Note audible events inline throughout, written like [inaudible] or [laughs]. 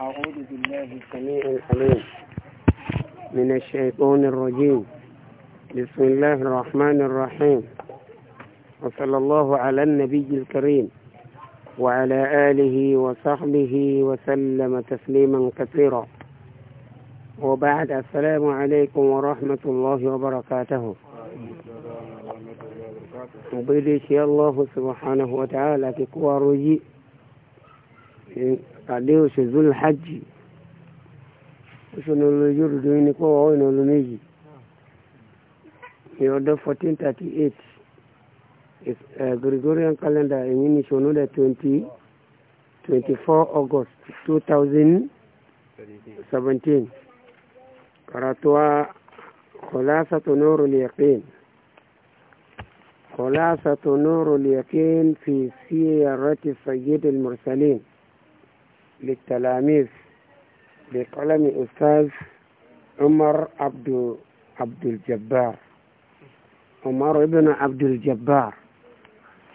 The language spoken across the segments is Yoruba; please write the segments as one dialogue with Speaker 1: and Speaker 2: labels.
Speaker 1: أعوذ بالله السميع العليم من الشيطان الرجيم بسم الله الرحمن الرحيم وصلى الله على النبي الكريم وعلى آله وصحبه وسلم تسليما كثيرا وبعد السلام عليكم ورحمة الله وبركاته وبركاته الله سبحانه وتعالى كي كوارجي àdé oṣù zulu hajj oṣù nílò yorùdó ní pọ̀ ọ̀hún nílò méjì ní ọdún fourteen thirty eight gregorian calendar èyí ní ṣòwò nílẹ̀ twenty twenty four august two thousand seventeen karatuwa خلاصة نور اليقين خلاصة نور اليقين في سيرة سيد المرسلين للتلاميذ بقلم أستاذ عمر عبد عبد الجبار عمر ابن عبد الجبار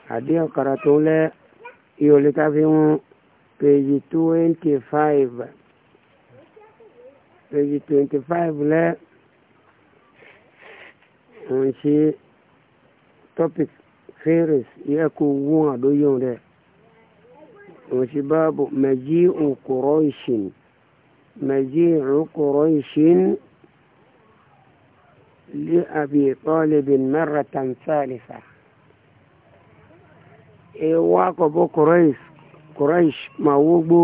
Speaker 1: هذه قرأته له يولد في page 25 page 25 له wọ́n ṣe topic fèrèsé yẹ kó wọ́n àdóyọ̀ rẹ̀ òsì báàbò mẹjì òkúrọ ìṣìn mẹjì òkúrọ ìṣìn lé àbí tọ́lẹ̀bìn mẹ́ra tàǹtàlìfà. ewa kọ̀bọ̀ kùrẹ́ṣ máa wógbó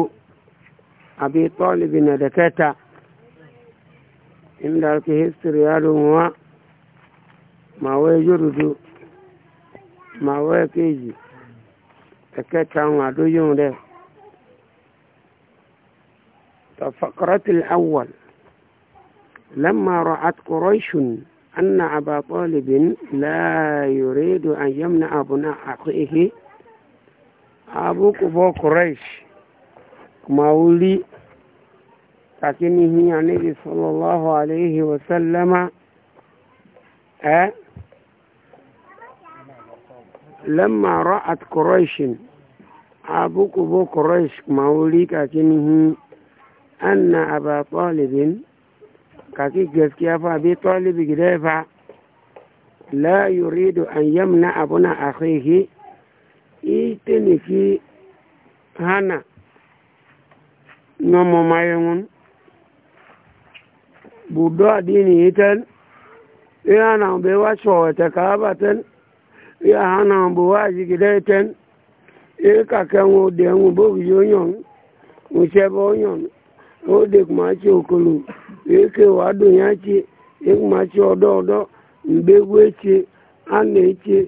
Speaker 1: àbí tọ́lẹ̀bìn ẹ̀dẹ̀kẹta inda history ya domuwa ma wai jurudu ẹ̀kẹta wọn àdóyún rẹ̀ tafakaratul awwal lamma ra'at quraishun anna aba talibin la yuridu an yamna abuna akhihi abu kubo quraish mawuli lakini hiya nabi sallallahu alayhi wa sallama eh لما رأت قريش أبوك أبو قريش موليك أكنه أن أبا طالب كاكي جزك أفا أبي طالب جدافع لا يريد أن يمنع أبونا أخيه إيتنكي هنا نمو ما يمون بودو ديني إيتن إيانا بيوا شوة ya ha na bụ wajigide eten ịka kenwe ụdị enwe bobiyi onyon nwụchebe onyon odekmachi okolo eke wadonyachi ịkmachi ọdọ ọdọ mgbegwu eche a na-eche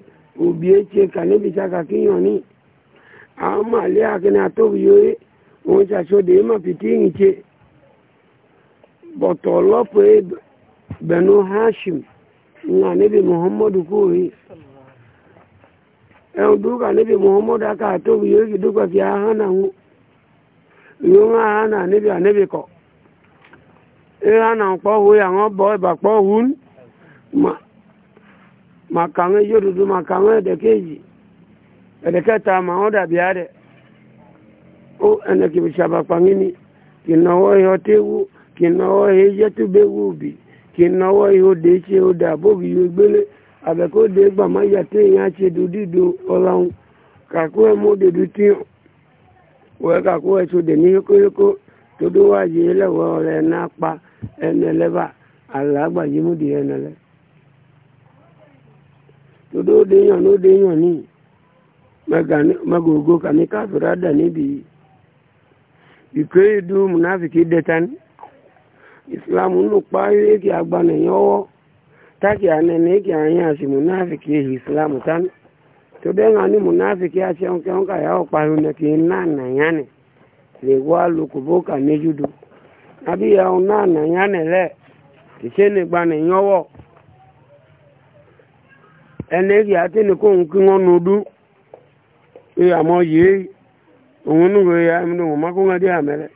Speaker 1: obi eche ka nebicha ka kinyoni amali akini atobiyoye nwụchachode bọtọ ihiche ebe benu hashim na nebi muhammadu kwurie ẹ̀hùn dúkà níbi muhammad aka àtòbù yóò kì dúkà fi níbi àníbi kọ̀ ihánà pọ̀ hù àwọn bọ̀ ẹ̀bà pọ̀ hù màkà ń yóò dúdú màkà ń ẹ̀dẹ̀kẹ́ta màá dàbí adẹ̀ ó ẹnẹ kìí abeko de gba ma ya te yan che du di du olaun ka ku e mo de du ti we ka ku e so de ni yoko yoko to do wa ye le wo le na pa ene le ba ala gba yi mu di ene le to do de yan no de yan ni magani magogo ka ni ka fura da ni bi ikwe du munafiki detan islam nu pa ye ki agba ne yowo taki anene anyị anya si munafiki islamu tan to de ngani munafiki ache onke onka yao kwa hune ki nana yane le walu kuboka ne judu
Speaker 2: abi ya nana
Speaker 1: yane le tisene gbane nyowo ene ate ko nki ngonu du e amo ye ngonu go ya mdu ma ngadi amele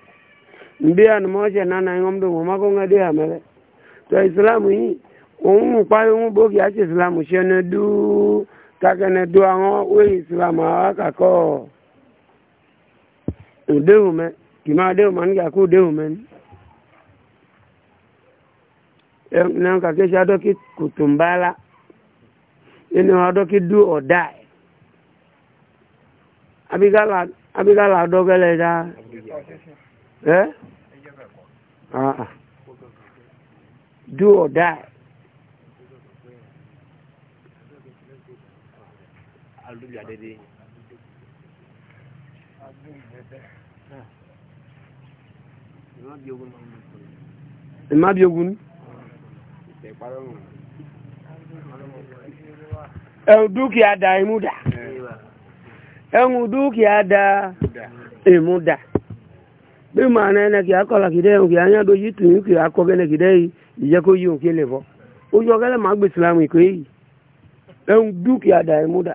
Speaker 1: mbi an mo je nana ngomdu ngadi amele to yi òun parí òun bókì àti ìsìlámù ṣe ẹni dúú takẹ́ni dúú àwọn wé ìsìlámù àwọn kàkọ́ kì máa déhùn nígbà kó déhùn ní. ẹnìyàn kàkẹ́ ṣe adọ́kí kòtò ń adọ́kí dúú ọ̀dà ẹ̀ abigala dá ẹ́ ọ̀dà ẹ̀. alluɓe a ɗaɗe ma biyogun ẹ̀hùn dúkìá da ìmúdà ẹ̀hùn dúkìá da ìmúdà bí màá náà ẹnẹ kì á kọ́la kìdẹ́ ẹ̀hùn kì á yán dojú tù yín kì á kọ́ gẹ́nẹ kìdẹ́ yìí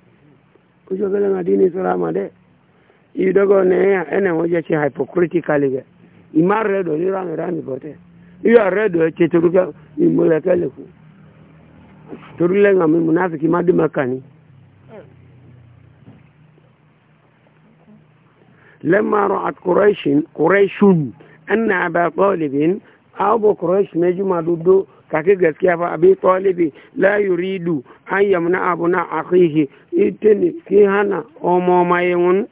Speaker 1: kujo gele madini salama de yidogo ne ene moja chi hypocritically ge imare do ni rano rani bote iyo redo che turuga imule kale ku turule nga mi munafiki madi makani lemma ra'at quraish quraishun anna aba talibin abu quraish majma duddu kake gaskiya ba abi talibi la yuridu an yamna abuna akhihi itini ki hana omo mayun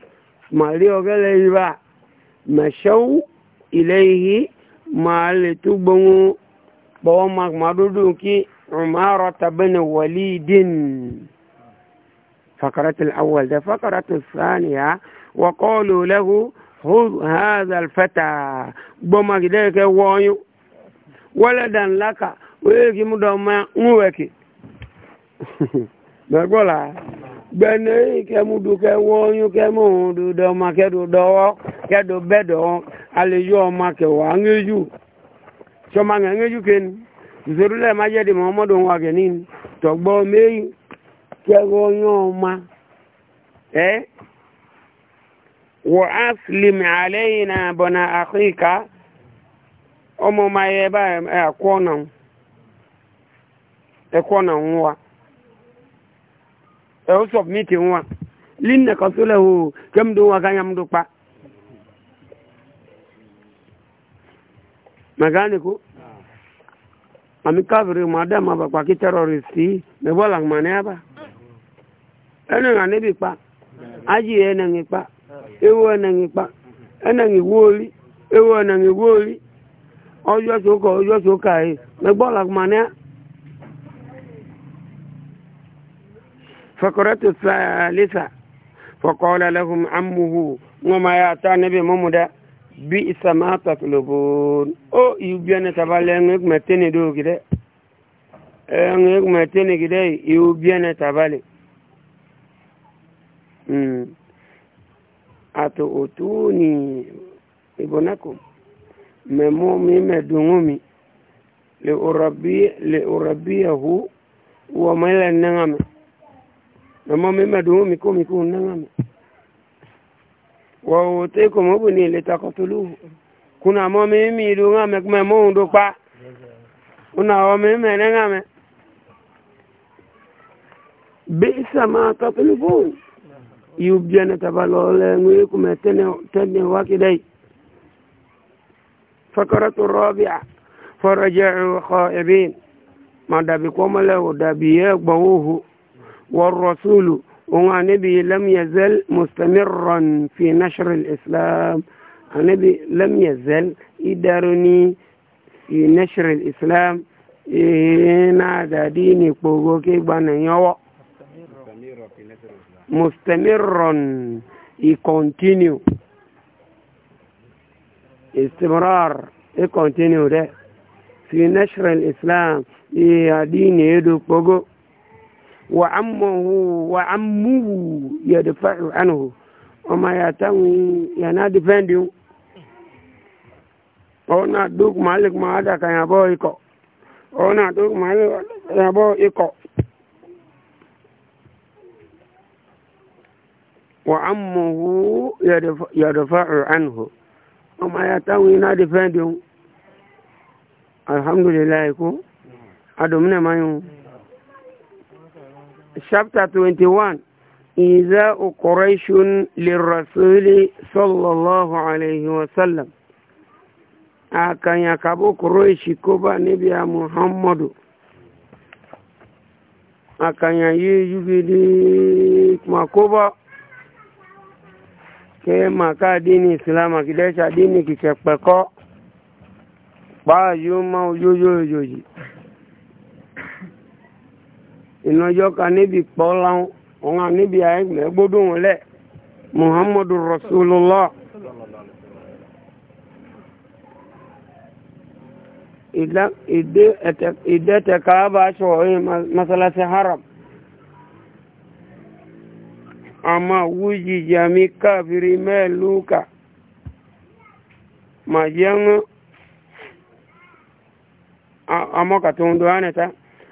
Speaker 1: mali ogele iba mashau ilayhi mali tubun bo ma madudu ki umara bin walidin فقرة الأول ده فقرة الثانية وقالوا له خذ هذا الفتى بما كده ولادا لك wéèkì mú dọ̀ ma ń wẹ̀kì mẹ́gbọ́lá gbẹ̀nẹ́ kẹmúdu kẹwọ́nyú kẹmúdu dọ̀ma kẹdù dọ̀wọ́ kẹdù bẹ́dọ̀ alẹ́yọ ọma ke ni. sọma aŋẹ́yù kẹni ọmọdụ má jẹ́ di mọ́mọ́dọ̀ wọn ọma ẹkọ na nwa ẹwọ sọbmiti nwa linna kọsọlẹ o kẹmdo nwa kanya mdo pa mekaniko ami kafiri mu ada ma bakpa ki terroristi mebọ lagmani aba ẹnu nga nebi pa aji ẹnẹngi pa ewu ẹnẹngi pa ẹnẹngi wọli ewu ẹnẹngi wọli ọjọ tó kọ ọjọ tó kà yìí mẹgbọ lagmani aba. فقرة الثالثة فقال لهم عمه وما يعطى نبي ممدى بئس ما تطلبون او يبين تبالين متني دو كده ان متني كده يبين تبالي امم اتؤتوني ابنكم ممومي مدومي لأربي لأربيه وملا النعمه mọ̀mọ́ mi mẹ́dùn mi kó mi kó náà mi wọ́n wò tẹ́ kò mọ́ ní ilé takọ́tolú kuna mọ́ mi mi ìlú ńlá mi kúmẹ́ mọ́ òun tó pa kuna ọ̀ mi mẹ́rẹ́ ńlá mi. bí sàmà takọ́tolú fóun yóò bí ẹni tàbá lọ lẹ́nu ikú mẹ́ tẹ́ni wákìlẹ́ yìí. فكرة الرابعة فرجعوا خائبين ما دابي كومله ودابي يقبوه والرسول ونبي لم يزل مستمرا في نشر الإسلام نبي لم يزل يدارني في نشر الإسلام
Speaker 2: هنا
Speaker 1: ديني بوغوكي يوا مستمرا يكونتينيو استمرار يكونتينيو ده في نشر الإسلام يديني يدو بوغو وعمه وعمه يدفع عنه وما يتوي ينادي فنديو ona duk malik ma ada kan yabo iko ona duk ya yabo iko wa ammuhu yadfa'u anhu
Speaker 2: ama ya na
Speaker 1: defendu alhamdulillah ko adumne mayun chapter twenty one ìzá okòrèṣun lè rasúlì sallallahu alayhi wa sallam àkànyà kàbó kòrèṣì kó bá níbi a muhammadu àkànyà yìí yúgidì mà kó bá kẹ́ màkà dínì islam àkìdẹ́ṣà dínì kìkẹ́ pẹ̀kọ́ pààyò máa yóyó yòyì ìnájọ́ ka níbi kpọ́ láwọn wọn à níbi àyẹ̀gbẹ́ gbódùn wọn lẹ̀ muhammadu rasulillah. ìdẹ́ tẹ káàbà aṣọ ọ̀hìn masalasi haram àmà wújì jàmí káfìrí mẹ́lúkà màjẹ́ń amọ́kàtúndó ánẹ́ta.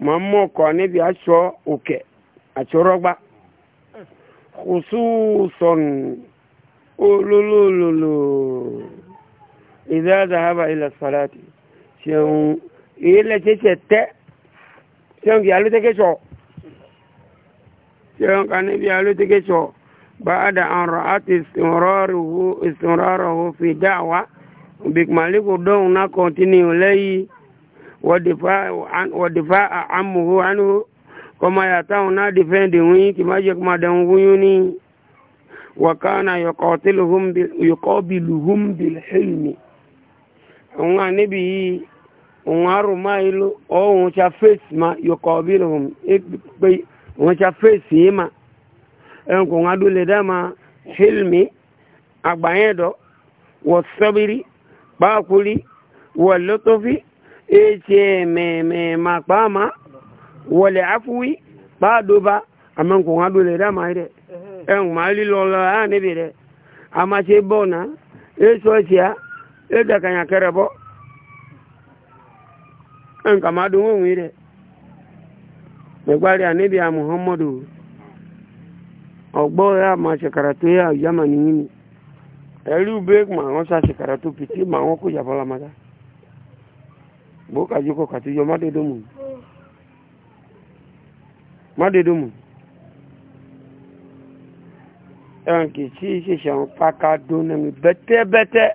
Speaker 1: ma mọ kọ níbi aṣọ òkè àtúrọgbá kùsùsùn olólòlòlò ìdáàdà haba ilẹ̀ sọ́láàtì ṣeun ilẹ̀ ṣẹṣẹ tẹ́ ṣeun kì alótẹ́kẹ́ṣọ ṣeun kà níbi alótẹ́kẹ́ṣọ بعد أن رأت استمراره استمراره في دعوة بكمالك دون كونتينيو لي wọ̀dìfá àmùhù ánúhù kọmọ yàtàwọn náà dìfẹ́ǹdì wọ́n kì má jẹ́ kọmọ dẹ̀wọ̀n wọ́n ní wọ̀kánà yọkọ̀bìlùhùm bìlhìlmì òun àníbi yìí òun àrùn máa ìlú ọ̀hún ṣá fèsì má yọkọ̀bìlùhùm pé òun ṣá fèsì yìí má ẹ̀hún kò ń adúlẹ̀ dáma hìlmì àgbáyẹ̀dọ̀ wọ̀ sọ́bìrì pàákùrì wọ̀ lọ́tọ́fì ece meme makpama wọlé afuwi kpaadoba amanko ŋa do le dama yi dɛ ɛn eh, ma li lɔlɔ aya ne bi dɛ amase bɔna esɔ sia edakanya kɛrɛ bɔ ɛn eh, kama do ŋo ŋu yi n'ebe ya anabi muhammadu Ọgbọ ya ma sekaratu ya yamani yini ɛlu ube ma ŋo sa sekaratu piti ma ọkụ ko yabɔ la ma bo ka jiko ka tiyo ma de domu ma de domu ẹran kì í sí ṣèṣe àwọn pàkà dóná mi bẹ́tẹ́bẹ́tẹ́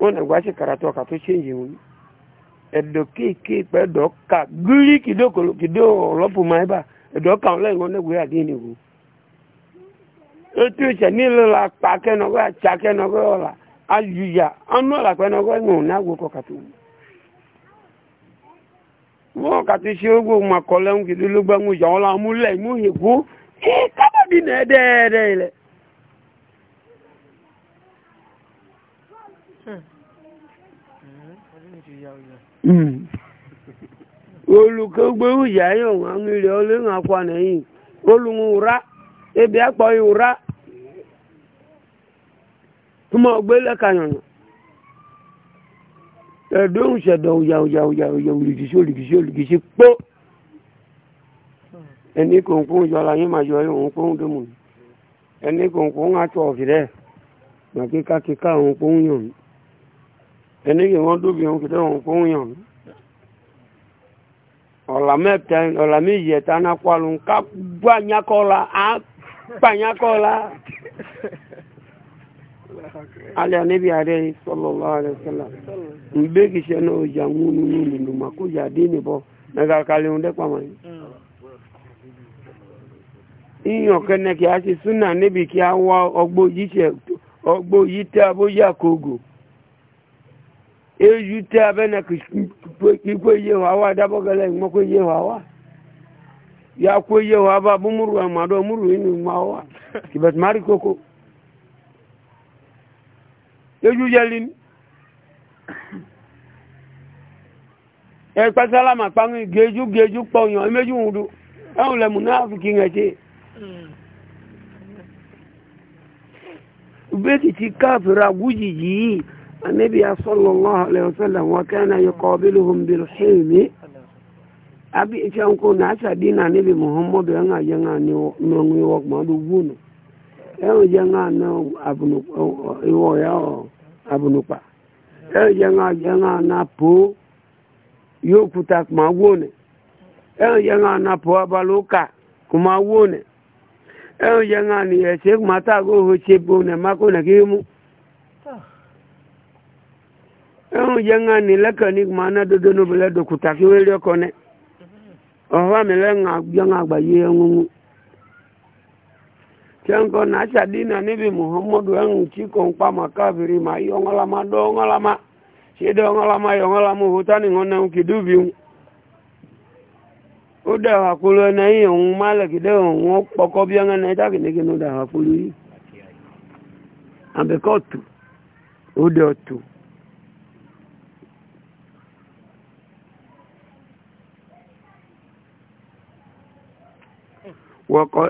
Speaker 1: wọn náà gbá ṣe kàràtọ̀ ọkà tó ṣèǹjì wọn ẹ̀dọ̀ kéèké pẹ̀dọ̀ ká gírí kìdó ọ̀lọ́pù máa bá ẹ̀dọ̀ ká ọ̀lẹ́yìn wọn lẹ́gbẹ̀ẹ́ àdéhìn ìwò ètò ìṣẹ̀ nílò la pa kẹ́nọ̀gbẹ́ àtsakẹ́nọ̀gbẹ́ ọ̀la ayùyà ọ̀nà ọ̀làpẹ́nọ̀gbẹ́ ń wò ní àgbo kọ̀kàtó wọn. wọ́n kàtí ṣe ogun makọ̀lẹ́ ń kìdí lógbẹ́mú ìjà wọn láwọn múlẹ̀ ìmú ìkú kábàdì náà dẹ́ẹ̀dẹ́ ilẹ̀. Hmm. olùkẹ́gbẹ́ ìyá yóò wọ́n yìí ebi àpọ̀ ìwúra. ẹ̀dọ́hùn ṣẹ̀dọ̀ òyàòyàòyà olùdíṣẹ́ olùdíṣẹ́ olùdíṣẹ́ pọ́ ẹni kò ń kó ń yọra yín màá yọ òun kó ń dùnmù ẹni kò ń kó ń àtọ ọ̀fìrẹ́ màá kíká kíká òun kó ń yàn ẹni kì wọ́n dóbi òun kìtẹ́ òun kó ń yàn ọ̀là mẹ́ta ọ̀là méjì ẹ̀ta náà kó alùn ká gbányákọ́la á gbányákọ́la [laughs] alẹ́ àníbi àdé sọlọ́lá àdé sọlá. mbekisha na oja ngunu nunu numa kuja dini bo naga kale unde kwa mani iyo kene ki asi suna nebi ki awa ọgbọ yite ogbo yite aboya kogo eju te na kikwe ye hawa dabo gele mo kwe ye hawa ya kwe ye hawa ba bumuru amado muru inu mawa [laughs] kibet mari koko eju yelini ẹ̀pẹ́ sálámà pàmí gẹ́jú gẹ́jú pọ̀yàn méjì wùdú ẹ̀hùn lẹ́mù náà fi kí ẹ̀ ṣe bẹ́ẹ̀kì ti na gújì yìí anẹ́bí asọ́lọ́lọ́ alẹ́ọ̀sọ́lẹ̀ wọn kẹ́ẹ̀nà yọkọ̀ ọbílùhùn bìrù ṣèlú àbí iṣẹ́ ń kó náà na náà muhammadu ẹ̀
Speaker 2: ẹ̀yẹ̀ngà yẹ̀ngà
Speaker 1: nàpò yóò kuta kuma wò nì ẹ̀yẹ̀ngà na po kà kuma wò nì ẹ̀yẹ̀ngà ni ẹ̀sẹ̀ mata tà kó o ṣe bò nì má kó nì kí mú. ẹ̀yẹ̀ngà ni lẹ́kẹ̀ na kùmà náà dodo níbi lẹ́dọ̀ kuta chenro na chadina ni bi muhammad wang chiko mpa makabiri ma yongola ma dongola ma shido ngola ma yongola mu hutani ngona ukidubi uda hakulu na hiyo ngumala kidogo ngopoko bianga na itaki nikinu uda hakulu hii ambekotu uda otu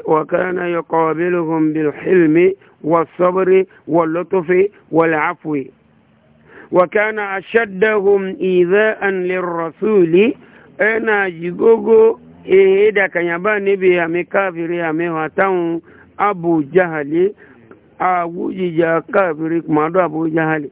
Speaker 1: وكان يقابلهم بالحلم والصبر واللطف والعفو وكان أشدهم إيذاء للرسول أنا جيغوغو إيدا كنيبا نبي أمي كافري أمي واتاون أبو جهل أبو جيجا كافري كمادو أبو جهل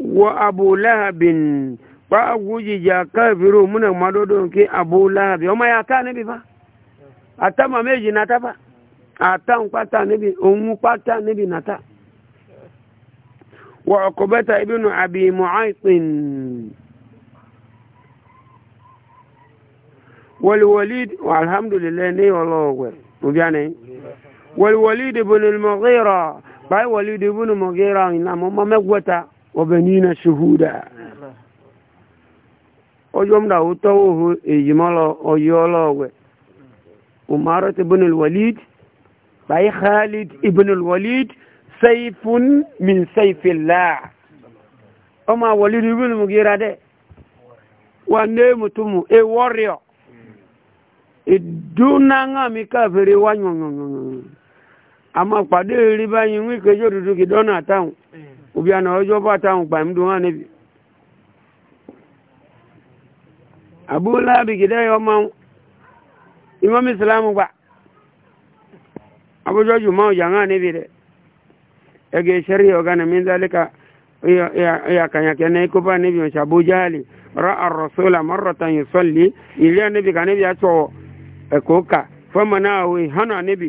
Speaker 1: wa abu lahabin ba agujija ka firi ụmụ na mmadu ndụ nke abulaha bin ọ ma yaa taa n'ibi fa atama meji mma na-ata fa a taa nkpa taa n'ibi ọmụ nkpa taa n'ibi na taa. waa okobeta ịbịa ndụ na abi ịmụọ anyị gbin ncii. waliwo lidi alhamdulilayi niile o loogu kubyamii waliwo lidi ebundi n'ogheghara ndani waliwo lidi ebundi n'ogheghara ndi ama ama وبنينا شهودا ويوم لا وتوه يملا ويولا ومارة بن الوليد باي خالد ابن الوليد سيف من سيف الله أما وليد ابن مغيرة ده ونمتم a warrior ìdúnáńgá mi káfèrè wá yànyànyànyàn àmọ́ pàdé rí báyìí wíkẹ́ yóò dúdú kìdọ́nà táwọn òbí àná ọjọ́ bá táwọn gbà ń dùn wọn níbi. àbúrò láàbì gidẹ́ ọmọ ìmọ̀ mùsùlùmí gbà abújọ́ jù máa jà hàn níbi rẹ̀ ẹgbẹ́ ìṣẹ́rí ọ̀gá ni míndálíkà ìyàkànyàkẹ́ ní kó bá níbi ìṣàbójáàlì rọ àrọ̀sọ́là mọ́rọ̀tàn yìí sọ́lì ilé níbi kà níbi àtọ̀ ẹ̀kọ́ kà fọ́mọ náà wí hánà níbi.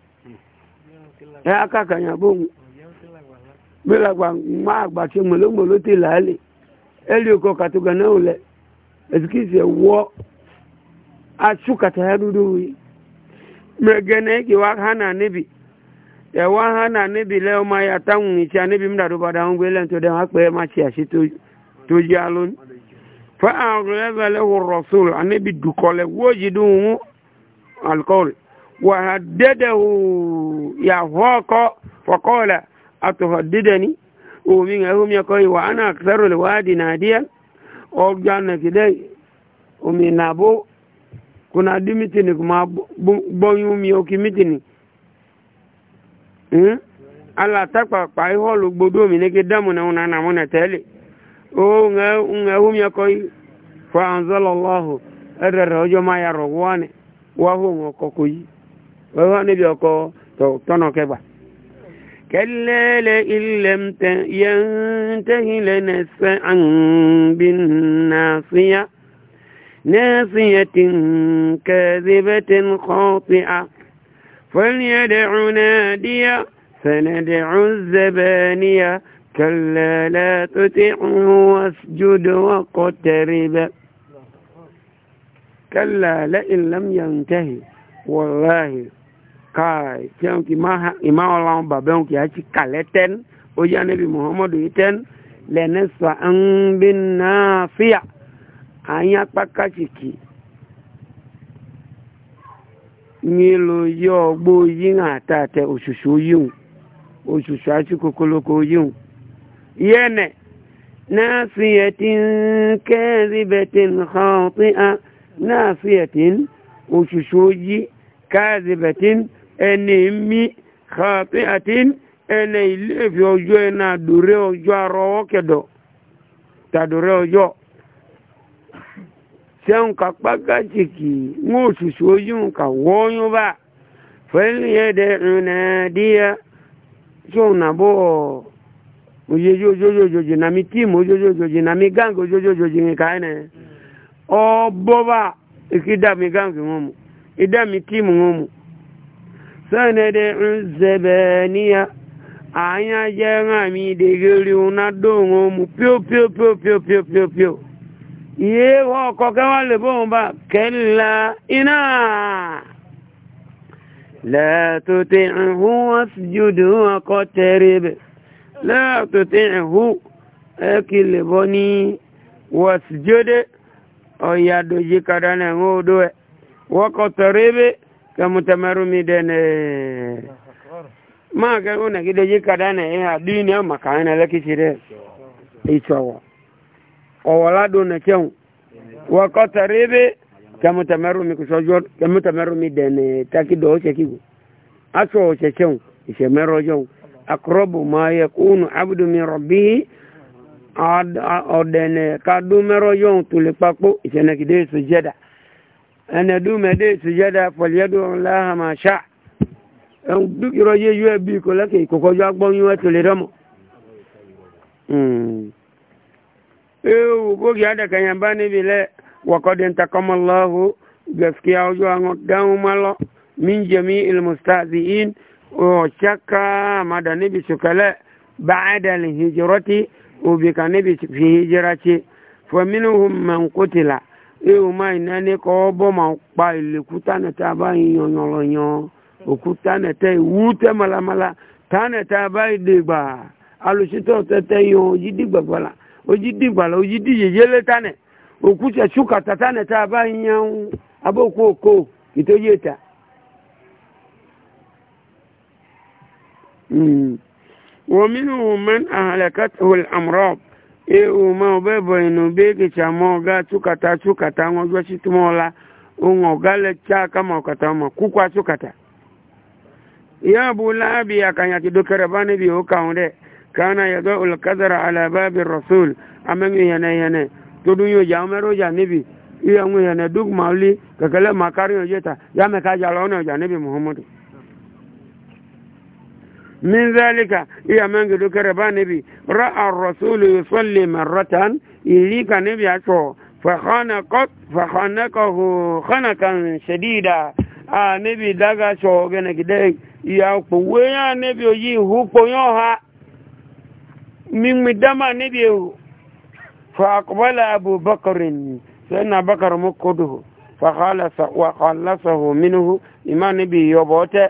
Speaker 1: ẹ akaka yàn bó ń mílàgbà má àgbàṣe mọ̀lọ́mọ̀lọ́ ti làálẹ̀ ẹ̀lì ọkọ̀ kàtúgà náà lẹ̀ ẹ̀sìkìsì ẹ̀ wọ́ aṣú kàtàyà dúdú yìí ha na wá hánà níbi ẹ̀ wá hánà níbi lẹ́wọ́ máa yà táwọn ìṣẹ́ bada mìíràn padà وهدده يهوك فقال أتهددني ومن هم يقول وأنا أكثر الوادي ناديا أرجعنا كده ومن أبو كنا دي متنك ما بنيوم يوكي متني ala takpa kpai hɔlu gbodo mi neke damu na una namu na tɛli o ŋa ŋa hum ya kɔi fa anzala allahu ɛrɛrɛ ɔjɔ ma ya rɔ wɔne wa hum ɔkɔ koyi wọ́n wá níbi ọkọ̀ tọ́nà kẹgbà kẹlẹ́lẹ́ ilẹ̀ yẹn tẹ́hìnlẹ̀ nẹ́sẹ̀ àǹbí nàásíyá ناسية كاذبة خاطئة فليدع ناديا سندع الزبانية كلا لا تطعه واسجد واقترب كلا لئن لم ينتهي والله ka tiɛn ki ma ima ɔlan babɛn ki ati kalɛ tɛn o ya nebi muhammadu yi tɛn lɛ ne sa an bi naa fiya an ya kpaka tsiki nyilo yɔ gbɔ yi ŋa ta tɛ osusu yi ŋu osusu ati kokoloko yi ŋu yɛnɛ naasiyatin kɛzibatin xɔti'a naasiyatin osusu yi kɛzibatin. ẹni mi xaapin ati ẹni ilé ìfẹ ọjọ yẹn na dure ọjọ arọwọ kẹdọ ta dure ọjọ sẹun kakpa gajigi ŋo susu oyún ka wọnyún ba fẹlẹ yẹ dẹ ẹnẹ díẹ tí o nàbọ oye jojojojo na mi tíìmù ojojojojo na mi gángi ojojojojo yìí ká ẹnẹ ọ bọ ba ìkí dà mí gángi wọn mu ìdá mi tíìmù wọn mu. sanad'u zabaniya anya jẹ́rán mi dègèrè ọ̀nà dóhùn ọmọ píó píó píó píó píó píó píó iye ọkọ̀ kẹwàá lè bóhùn bá kẹ́lá iná látòtẹ̀ ìhún wọ́n sì jùdù ọkọ̀ tẹ̀rẹ̀ bẹ̀ látòtẹ̀ ìhún ẹkì lè bọ́ ní wọ́n sì jùdù ọ̀yàdòjì kàdánà ẹ̀hún odó ẹ̀ wọ́kọ̀ tẹ̀rẹ̀ bẹ̀ kamutamaru midene ma ga una gide jika dane ya eh, dini ama kaina laki chire ichowo o wala do na chen wa qataribi kamutamaru mikusojo kamutamaru midene takido che kigo aso che chen ishe mero jo akrobu ma yakunu abdu min rabbih odene kadumero jo tulipapo ishe nakide sujada ẹnẹ dùn mẹ́dẹ́ ìsìjẹ́dá pọ̀lẹ́dùn ńlá àmàṣà ẹ̀hún dúkìrọ̀ yé usb kò lẹ́kẹ̀ ìkòkòjọ́ agbọ́n yín wọ́n tó lè dọ́mọ̀. ewu bókì adàkànyàn bá níbi lẹ wọ́kọ́dé ń takọ́mọ́ lọ́hùn gẹ̀fìkì ọjọ́ àwọn dáhùn má lọ míjẹ̀mí ilmustazi in ọ̀ṣàkà àmàdà níbi sùkẹ́lẹ̀ bàádàlì hìjìrọ́tì òbíkà níbi fìhìjìrà ṣe fọmínú mẹ́ńkútìlà. ehoma inani kɔ ɔbɔ ma kpa ilekuta nɛtɛ aba yi nyɔnyɔlɔnyɔ okuta nɛtɛ iwu tɛ malamala ta nɛtɛ aba yi de gba alusitɔ tɛtɛ yi o yi di gbagba la o yi di gba la o yi di yeyele ta nɛ okutsɛ sukata ta nɛtɛ aba yi nyawu abo ko ko ye ta. ومنهم من أهلكته الأمراض ma ọbẹ bọ inú bí ekecha ma ọga chukata chukata ọjọ chitumola ụmụ ọga lecha aka ma ọkata ma kwukwa chukata ya bụ laabi ya ka nyaki dokere ba nebi ụka nwere ka na ya ga ụlọ kazara ala ba bi rasul amenye ihe na ihe na tudu nyo ya omere ụja nebi ihe nwe ihe na duk ma uli kekele ma karịa ojeta ya mekaja ala ọ na ụja nebi muhammadu من ذلك يا من قد كربا نبي رأى الرسول يصلي مرة إليك نبي أشو فخانقت فخانقه خنقا شديدا آه نبي دغا شو غنك دي يا قويا نبي يي هو قيوها من مدما نبي فأقبل أبو بكر سيدنا بكر مكده فخلص وخلصه منه إما نبي يبوته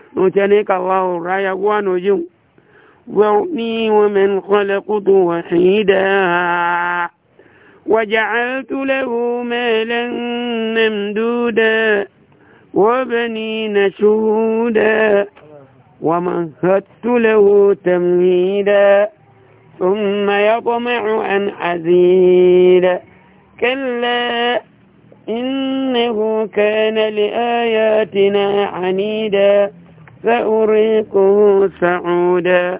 Speaker 1: نتنيك الله رايا ونجو ذرني ومن خلقت وحيدا وجعلت له مالا ممدودا وبنين شهودا ومهدت له تمهيدا ثم يطمع أن أزيد كلا إنه كان لآياتنا عنيدا سأريكه سعودا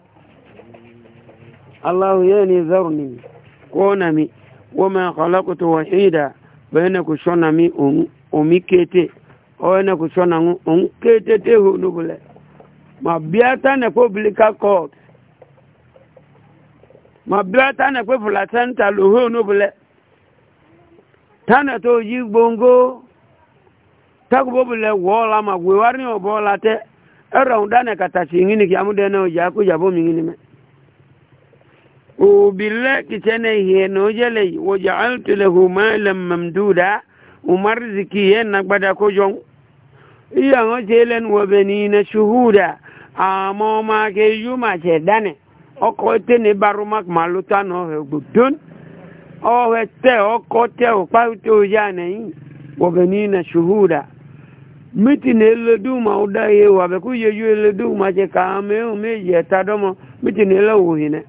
Speaker 1: الله يعني ذرني كونمي وما خلقت وحيدا بينك شنمي أمي كيتي أنا كشنا أم كيتي تهو نقول ما بياتا نكو بليكا كوت ma bla ta na pe fulatan ta lo ho no bele ta na to yi gbongo ta ko bele wo la ẹ̀rọ dánà kàtàṣì ìhìnì kí amúdẹ náà jà kó jà bómi ìhìnì mẹ́. òbílẹ̀ kìtẹ́nẹ̀ ìhìnà ojẹ́lẹ̀ wọ̀jà àlùtẹ̀lẹ̀ hùmọ́ ẹlẹ́mọ̀mdúdà umarziki yẹn na gbada kójọ. iye àwọn ṣe lẹ́nu wọ̀bẹ̀ ní iná ṣùhúdà àmọ́ ọmọ akẹ́ yóò máa ṣẹ̀ dánà ọkọ̀ tẹ́ ní baromak màlúta náà ọ̀hẹ́ gbòdón ọ̀hẹ́ tẹ́ ọkọ̀ tẹ́ òpá miti na eledu ma ụda ihe wabe ku yeju eledu ma che ka ame ome eji eta domo miti na ele wuhi ne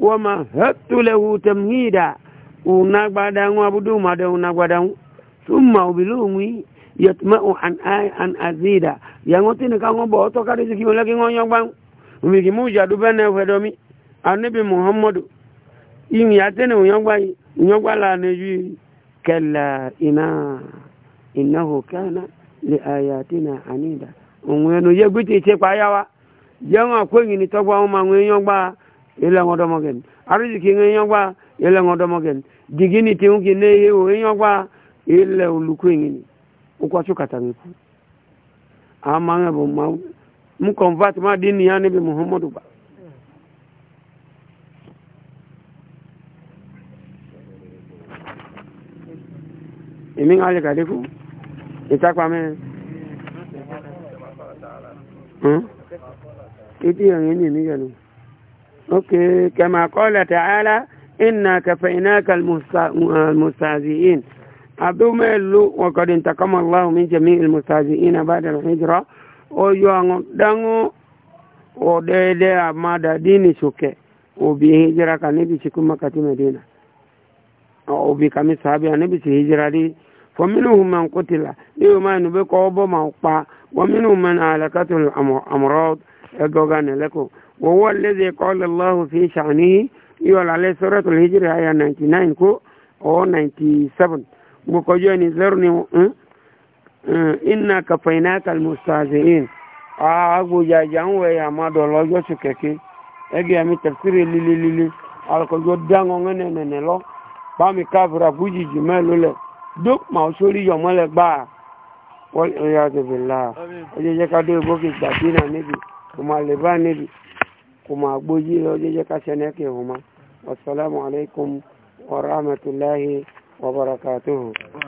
Speaker 1: wama hatulehu tamhida unagbada nwa budu ma de unagbada nwa summa ubilu nwi yatma'u an ay an azida yangoti ne kango bo to kare ziki wala ki ngonyo bang mi ki muja du bene wedomi anabi muhammadu yin yatene unyogba unyogba la ne yi كلا إنا إنه كان لآياتنا عنيدا ونوينو يغوتي تي بايوا جما كوين ني توبا ما وينو با إلا غدو مغن أرزكي وينو با إلا غدو مغن ديغيني تي ونكي ني وينو با إلا ولكوين ukwachu katamiku ama ngabo mu convert ma dini ya nabi muhammadu ba èmi ń alẹ́ kàdé fún ìtàpá mẹ́rin. ìdí ẹ̀yìn ni èmi yẹnu. ok kẹmà kọ́lẹ̀ tààlà ìnà kẹfẹ́ iná kàlmùsàzìyìn àdúmẹ́lú wọ̀kọ̀dì ìtàkọ́mọ̀ aláwọ̀ mi jẹ̀mí ìlmùsàzìyìn àbádàrà ìjọra ọjọ́ àwọn dáńgó ọ̀dẹ́ẹ̀dẹ́ àmàdàdí ní ṣòkè òbí hijira kan níbi ṣìkú makati medina òbí kàmi sàbí àníbi ṣì hijira dí. فمنهم من قتل يوما نبقى وبما وقع ومنهم من هلكته الأمراض يقوغان لكم وهو الذي قال الله في شأنه يقول عليه سورة الهجرة آية 99 كو أو 97 بقجوني ذرني إنا كفيناك المستهزئين أبو جاجان ويا ما دولو جوشو كيكي أجي أمي تفسيري للي للي ألقو جودان ونغنى نلو بامي كافر أبو جيجي مالو لك dók mà ó sórí yọ mọ́lẹ̀ gbà wọ́n yà tẹ̀fẹ̀ là ó jẹ́ jẹ́ ká dó ìbókè gbàtí náà níbi kò máa lè bá níbi kò máa gbójú lọ ó jẹ́ jẹ́ ká ṣẹ́nẹ́ kì í hùmá wa rahmatulahi wa barakatuhu.